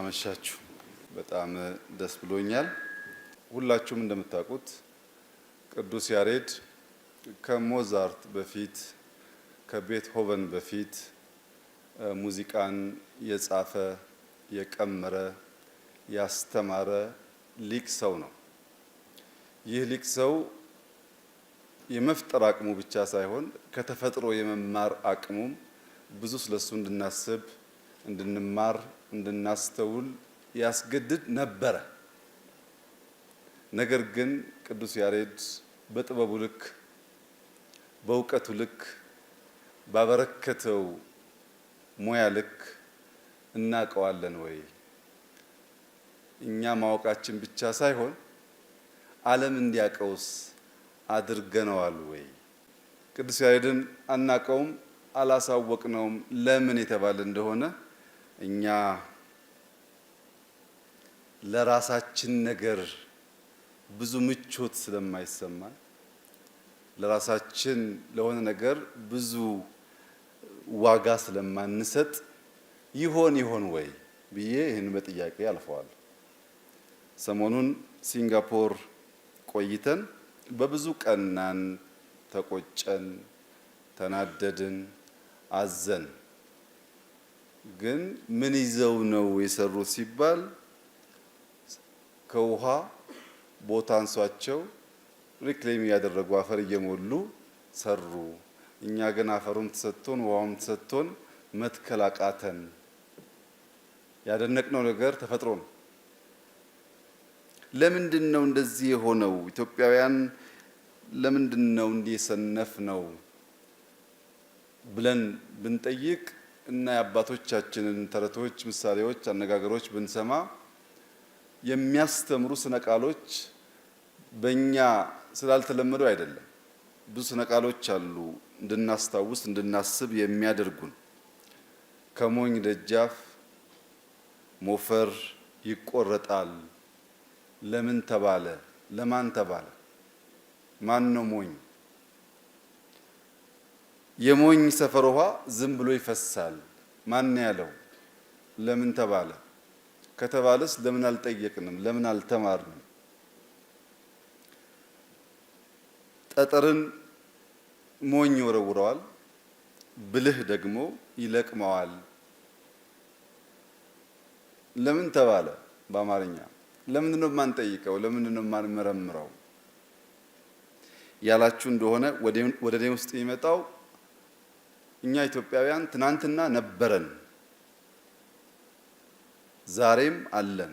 አመሻችሁ። በጣም ደስ ብሎኛል። ሁላችሁም እንደምታውቁት ቅዱስ ያሬድ ከሞዛርት በፊት ከቤትሆቨን በፊት ሙዚቃን የጻፈ የቀመረ ያስተማረ ሊቅ ሰው ነው። ይህ ሊቅ ሰው የመፍጠር አቅሙ ብቻ ሳይሆን ከተፈጥሮ የመማር አቅሙም ብዙ ስለሱ እንድናስብ እንድንማር እንድናስተውል ያስገድድ ነበረ። ነገር ግን ቅዱስ ያሬድ በጥበቡ ልክ በእውቀቱ ልክ ባበረከተው ሙያ ልክ እናውቀዋለን ወይ? እኛ ማወቃችን ብቻ ሳይሆን ዓለም እንዲያቀውስ አድርገነዋል ወይ? ቅዱስ ያሬድን አናቀውም፣ አላሳወቅነውም ለምን የተባለ እንደሆነ እኛ ለራሳችን ነገር ብዙ ምቾት ስለማይሰማን ለራሳችን ለሆነ ነገር ብዙ ዋጋ ስለማንሰጥ ይሆን ይሆን ወይ ብዬ ይህን በጥያቄ አልፈዋል። ሰሞኑን ሲንጋፖር ቆይተን በብዙ ቀናን፣ ተቆጨን፣ ተናደድን፣ አዘን ግን ምን ይዘው ነው የሰሩት ሲባል ከውሃ ቦታ አንሷቸው ሪክሌም ያደረጉ አፈር እየሞሉ ሰሩ። እኛ ግን አፈሩም ተሰጥቶን ውሃውም ተሰጥቶን መትከል አቃተን። ያደነቅነው ነገር ተፈጥሮ ነው። ለምንድን ነው እንደዚህ የሆነው? ኢትዮጵያውያን ለምንድን ነው እንዲሰነፍ ነው ብለን ብንጠይቅ እና የአባቶቻችንን ተረቶች፣ ምሳሌዎች፣ አነጋገሮች ብንሰማ የሚያስተምሩ ስነ ቃሎች በእኛ ስላልተለመዱ አይደለም። ብዙ ስነ ቃሎች አሉ እንድናስታውስ እንድናስብ የሚያደርጉን። ከሞኝ ደጃፍ ሞፈር ይቆረጣል። ለምን ተባለ? ለማን ተባለ? ማን ነው ሞኝ? የሞኝ ሰፈር ውሃ ዝም ብሎ ይፈሳል። ማን ያለው? ለምን ተባለ? ከተባለስ ለምን አልጠየቅንም? ለምን አልተማርንም? ጠጠርን ሞኝ ይወረውረዋል፣ ብልህ ደግሞ ይለቅመዋል። ለምን ተባለ? በአማርኛ ለምንድን ነው የማንጠይቀው? ለምንድን ነው የማንመረምረው? ያላችሁ እንደሆነ ወደ እኔ ውስጥ የሚመጣው እኛ ኢትዮጵያውያን ትናንትና ነበረን፣ ዛሬም አለን፣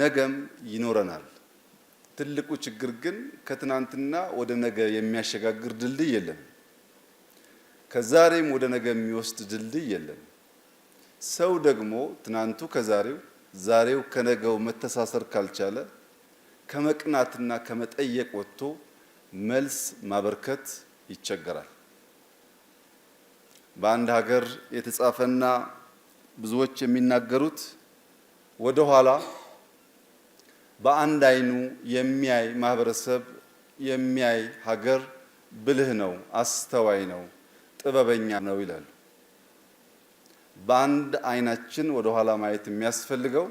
ነገም ይኖረናል። ትልቁ ችግር ግን ከትናንትና ወደ ነገ የሚያሸጋግር ድልድይ የለም። ከዛሬም ወደ ነገ የሚወስድ ድልድይ የለም። ሰው ደግሞ ትናንቱ ከዛሬው ዛሬው ከነገው መተሳሰር ካልቻለ ከመቅናትና ከመጠየቅ ወጥቶ መልስ ማበርከት ይቸገራል። በአንድ ሀገር የተጻፈና ብዙዎች የሚናገሩት ወደ ኋላ በአንድ አይኑ የሚያይ ማህበረሰብ የሚያይ ሀገር ብልህ ነው፣ አስተዋይ ነው፣ ጥበበኛ ነው ይላሉ። በአንድ አይናችን ወደ ኋላ ማየት የሚያስፈልገው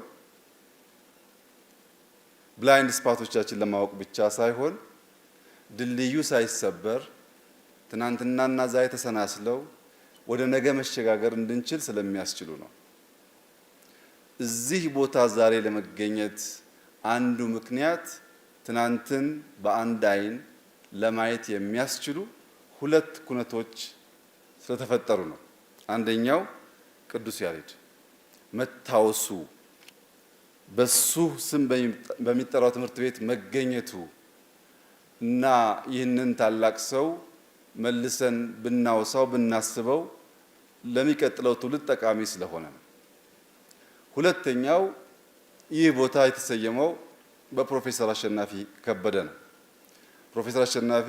ብላይንድ ስፓቶቻችን ለማወቅ ብቻ ሳይሆን ድልድዩ ሳይሰበር ትናንትናና ዛሬ ተሰናስለው ወደ ነገ መሸጋገር እንድንችል ስለሚያስችሉ ነው። እዚህ ቦታ ዛሬ ለመገኘት አንዱ ምክንያት ትናንትን በአንድ አይን ለማየት የሚያስችሉ ሁለት ኩነቶች ስለተፈጠሩ ነው። አንደኛው ቅዱስ ያሬድ መታወሱ በሱ ስም በሚጠራው ትምህርት ቤት መገኘቱ እና ይህንን ታላቅ ሰው መልሰን ብናውሳው ብናስበው ለሚቀጥለው ትውልድ ጠቃሚ ስለሆነ ነው። ሁለተኛው ይህ ቦታ የተሰየመው በፕሮፌሰር አሸናፊ ከበደ ነው። ፕሮፌሰር አሸናፊ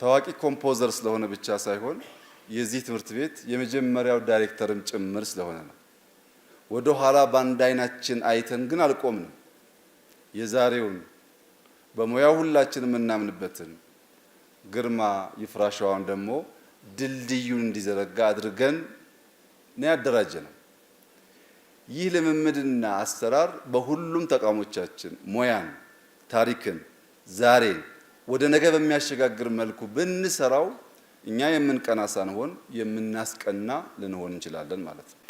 ታዋቂ ኮምፖዘር ስለሆነ ብቻ ሳይሆን የዚህ ትምህርት ቤት የመጀመሪያው ዳይሬክተርም ጭምር ስለሆነ ነው። ወደ ኋላ ባንድ አይናችን አይተን ግን አልቆምንም። የዛሬውን በሙያው ሁላችን የምናምንበትን ግርማ ይፍራሸዋን ደግሞ ድልድዩን እንዲዘረጋ አድርገን ነው ያደራጀ ነው። ይህ ልምምድና አሰራር በሁሉም ተቋሞቻችን ሙያን፣ ታሪክን፣ ዛሬን ወደ ነገ በሚያሸጋግር መልኩ ብንሰራው እኛ የምንቀና ሳንሆን የምናስቀና ልንሆን እንችላለን ማለት ነው።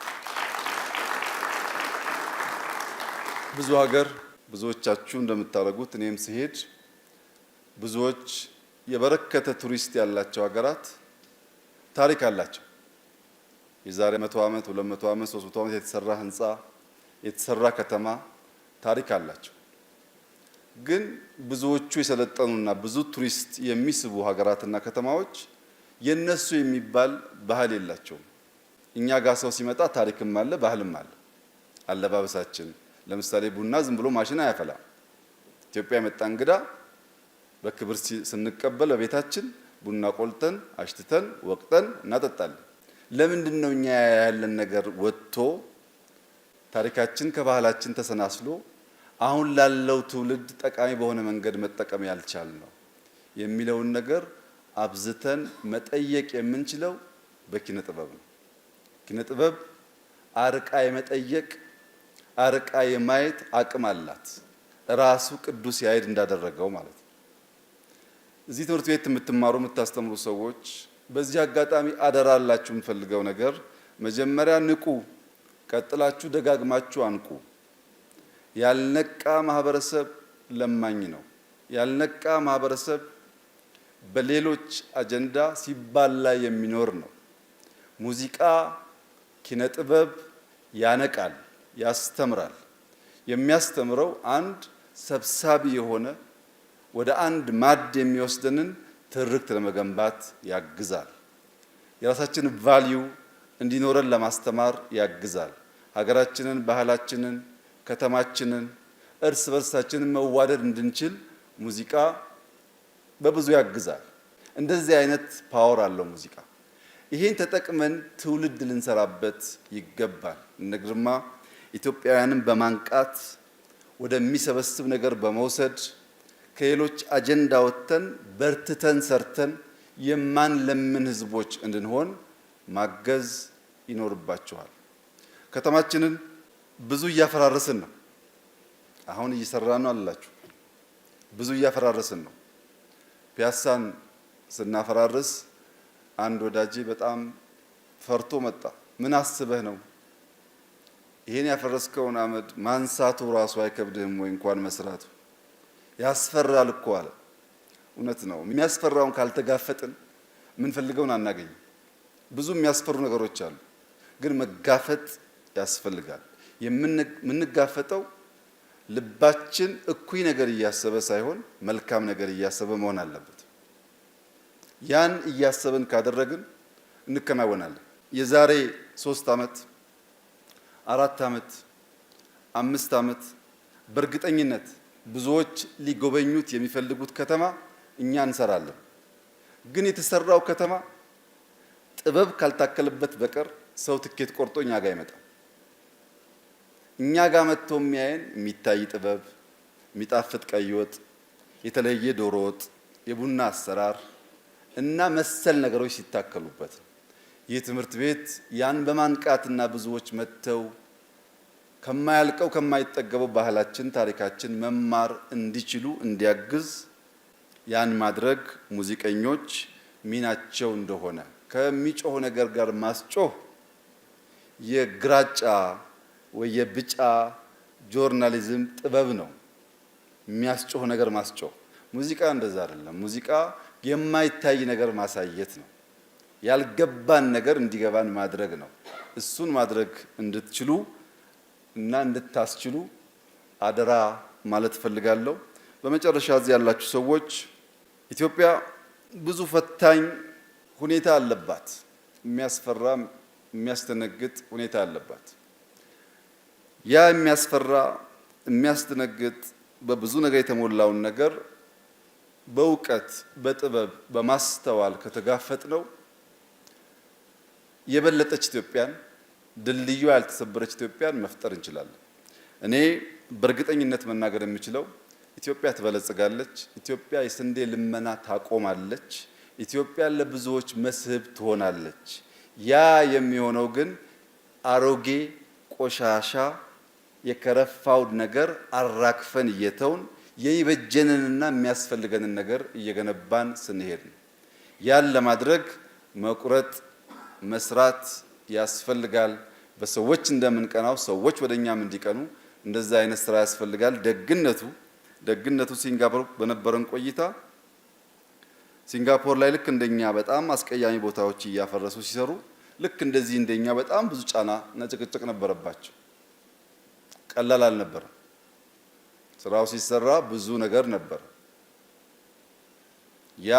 ብዙ ሀገር ብዙዎቻችሁ እንደምታደርጉት እኔም ስሄድ ብዙዎች የበረከተ ቱሪስት ያላቸው ሀገራት ታሪክ አላቸው። የዛሬ መቶ ዓመት፣ ሁለት መቶ ዓመት፣ ሶስት መቶ ዓመት የተሰራ ህንፃ የተሰራ ከተማ ታሪክ አላቸው። ግን ብዙዎቹ የሰለጠኑና ብዙ ቱሪስት የሚስቡ ሀገራትና ከተማዎች የነሱ የሚባል ባህል የላቸውም። እኛ ጋር ሰው ሲመጣ ታሪክም አለ ባህልም አለ። አለባበሳችን ለምሳሌ ቡና ዝም ብሎ ማሽን አያፈላም። ኢትዮጵያ የመጣ እንግዳ በክብር ስንቀበል በቤታችን ቡና ቆልተን አሽትተን ወቅጠን እናጠጣለን። ለምንድን ነው እኛ ያለን ነገር ወጥቶ ታሪካችን ከባህላችን ተሰናስሎ አሁን ላለው ትውልድ ጠቃሚ በሆነ መንገድ መጠቀም ያልቻል ነው የሚለውን ነገር አብዝተን መጠየቅ የምንችለው በኪነ ጥበብ ነው። ኪነ ጥበብ አርቃ የመጠየቅ አርቃ የማየት አቅም አላት። ራሱ ቅዱስ ያይድ እንዳደረገው ማለት ነው። እዚህ ትምህርት ቤት የምትማሩ የምታስተምሩ ሰዎች በዚህ አጋጣሚ አደራ የምፈልገው ነገር መጀመሪያ ንቁ፣ ቀጥላችሁ ደጋግማችሁ አንቁ። ያልነቃ ማህበረሰብ ለማኝ ነው። ያልነቃ ማህበረሰብ በሌሎች አጀንዳ ሲባላ የሚኖር ነው። ሙዚቃ፣ ኪነ ጥበብ ያነቃል፣ ያስተምራል። የሚያስተምረው አንድ ሰብሳቢ የሆነ ወደ አንድ ማድ የሚወስደንን ትርክት ለመገንባት ያግዛል። የራሳችን ቫልዩ እንዲኖረን ለማስተማር ያግዛል። ሀገራችንን፣ ባህላችንን፣ ከተማችንን እርስ በርሳችንን መዋደድ እንድንችል ሙዚቃ በብዙ ያግዛል። እንደዚህ አይነት ፓወር አለው ሙዚቃ። ይህን ተጠቅመን ትውልድ ልንሰራበት ይገባል። እነ ግርማ ኢትዮጵያውያንን በማንቃት ወደሚሰበስብ ነገር በመውሰድ ከሌሎች አጀንዳ ወጥተን በርትተን ሰርተን የማንለምን ህዝቦች እንድንሆን ማገዝ ይኖርባቸዋል። ከተማችንን ብዙ እያፈራረስን ነው። አሁን እየሰራ ነው አላችሁ። ብዙ እያፈራረስን ነው። ፒያሳን ስናፈራርስ አንድ ወዳጄ በጣም ፈርቶ መጣ። ምን አስበህ ነው ይሄን ያፈረስከውን አመድ ማንሳቱ ራሱ አይከብድህም ወይ? እንኳን መስራቱ ያስፈራል እኮ አለ። እውነት ነው። የሚያስፈራውን ካልተጋፈጥን የምንፈልገውን አናገኝም። ብዙ የሚያስፈሩ ነገሮች አሉ፣ ግን መጋፈጥ ያስፈልጋል። የምንጋፈጠው ልባችን እኩይ ነገር እያሰበ ሳይሆን መልካም ነገር እያሰበ መሆን አለበት። ያን እያሰብን ካደረግን እንከናወናለን። የዛሬ ሶስት ዓመት አራት ዓመት አምስት ዓመት በእርግጠኝነት ብዙዎች ሊጎበኙት የሚፈልጉት ከተማ እኛ እንሰራለን። ግን የተሰራው ከተማ ጥበብ ካልታከለበት በቀር ሰው ትኬት ቆርጦ እኛ ጋር አይመጣም። እኛ ጋር መጥቶ የሚያየን የሚታይ ጥበብ፣ የሚጣፍጥ ቀይ ወጥ፣ የተለየ ዶሮ ወጥ፣ የቡና አሰራር እና መሰል ነገሮች ሲታከሉበት ይህ ትምህርት ቤት ያን በማንቃትና ብዙዎች መጥተው ከማያልቀው ከማይጠገበው ባህላችን፣ ታሪካችን መማር እንዲችሉ እንዲያግዝ ያን ማድረግ ሙዚቀኞች ሚናቸው እንደሆነ ከሚጮህ ነገር ጋር ማስጮህ የግራጫ ወይ የብጫ ጆርናሊዝም ጥበብ ነው። የሚያስጮህ ነገር ማስጮህ። ሙዚቃ እንደዛ አይደለም። ሙዚቃ የማይታይ ነገር ማሳየት ነው። ያልገባን ነገር እንዲገባን ማድረግ ነው። እሱን ማድረግ እንድትችሉ እና እንድታስችሉ አደራ ማለት እፈልጋለሁ። በመጨረሻ እዚህ ያላችሁ ሰዎች ኢትዮጵያ ብዙ ፈታኝ ሁኔታ አለባት። የሚያስፈራ የሚያስደነግጥ ሁኔታ አለባት። ያ የሚያስፈራ የሚያስደነግጥ በብዙ ነገር የተሞላውን ነገር በእውቀት በጥበብ በማስተዋል ከተጋፈጥ ነው የበለጠች ኢትዮጵያን ድልድዩ ያልተሰበረች ኢትዮጵያን መፍጠር እንችላለን። እኔ በእርግጠኝነት መናገር የምችለው ኢትዮጵያ ትበለጽጋለች። ኢትዮጵያ የስንዴ ልመና ታቆማለች። ኢትዮጵያ ለብዙዎች መስህብ ትሆናለች። ያ የሚሆነው ግን አሮጌ ቆሻሻ የከረፋው ነገር አራክፈን እየተውን የይበጀንንና የሚያስፈልገንን ነገር እየገነባን ስንሄድ ነው። ያን ለማድረግ መቁረጥ መስራት ያስፈልጋል። በሰዎች እንደምንቀናው ሰዎች ወደ እኛም እንዲቀኑ እንደዛ አይነት ስራ ያስፈልጋል። ደግነቱ ደግነቱ ሲንጋፖር በነበረን ቆይታ ሲንጋፖር ላይ ልክ እንደኛ በጣም አስቀያሚ ቦታዎች እያፈረሱ ሲሰሩ ልክ እንደዚህ እንደኛ በጣም ብዙ ጫና እና ጭቅጭቅ ነበረባቸው። ቀላል አልነበረም። ስራው ሲሰራ ብዙ ነገር ነበር። ያ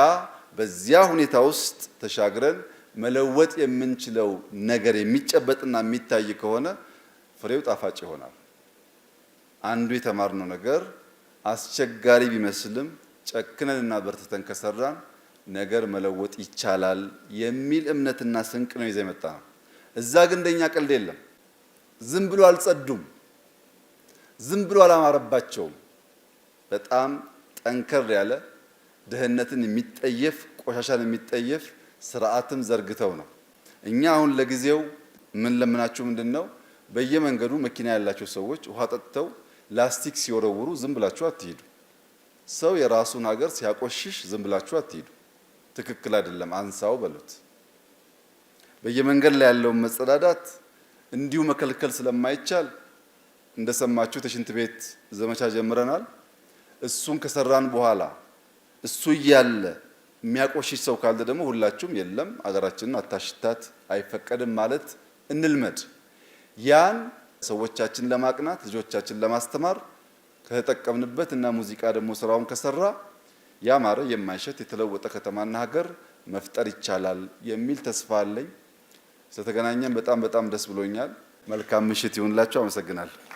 በዚያ ሁኔታ ውስጥ ተሻግረን መለወጥ የምንችለው ነገር የሚጨበጥና የሚታይ ከሆነ ፍሬው ጣፋጭ ይሆናል። አንዱ የተማርነው ነገር አስቸጋሪ ቢመስልም ጨክነንና በርትተን ከሰራን ነገር መለወጥ ይቻላል የሚል እምነትና ስንቅ ነው ይዘ የመጣ ነው። እዛ ግን እንደኛ ቀልድ የለም። ዝም ብሎ አልጸዱም፣ ዝም ብሎ አላማረባቸውም። በጣም ጠንከር ያለ ድህነትን የሚጠየፍ ቆሻሻን የሚጠየፍ ስርዓትም ዘርግተው ነው። እኛ አሁን ለጊዜው ምን ለምናችሁ ምንድን ነው በየመንገዱ መኪና ያላቸው ሰዎች ውሃ ጠጥተው ላስቲክ ሲወረውሩ ዝም ብላችሁ አትሂዱ። ሰው የራሱን ሀገር ሲያቆሽሽ ዝም ብላችሁ አትሂዱ። ትክክል አይደለም፣ አንሳው በሉት። በየመንገድ ላይ ያለውን መጸዳዳት እንዲሁ መከልከል ስለማይቻል እንደሰማችሁ የሽንት ቤት ዘመቻ ጀምረናል። እሱን ከሰራን በኋላ እሱ እያለ የሚያቆሽሽ ሰው ካለ ደግሞ ሁላችሁም የለም አገራችንን አታሽታት አይፈቀድም ማለት እንልመድ። ያን ሰዎቻችን ለማቅናት ልጆቻችን ለማስተማር ከተጠቀምንበት እና ሙዚቃ ደግሞ ስራውን ከሰራ ያማረ የማይሸት የተለወጠ ከተማና ሀገር መፍጠር ይቻላል የሚል ተስፋ አለኝ። ስለተገናኘን በጣም በጣም ደስ ብሎኛል። መልካም ምሽት ይሁንላችሁ። አመሰግናለሁ።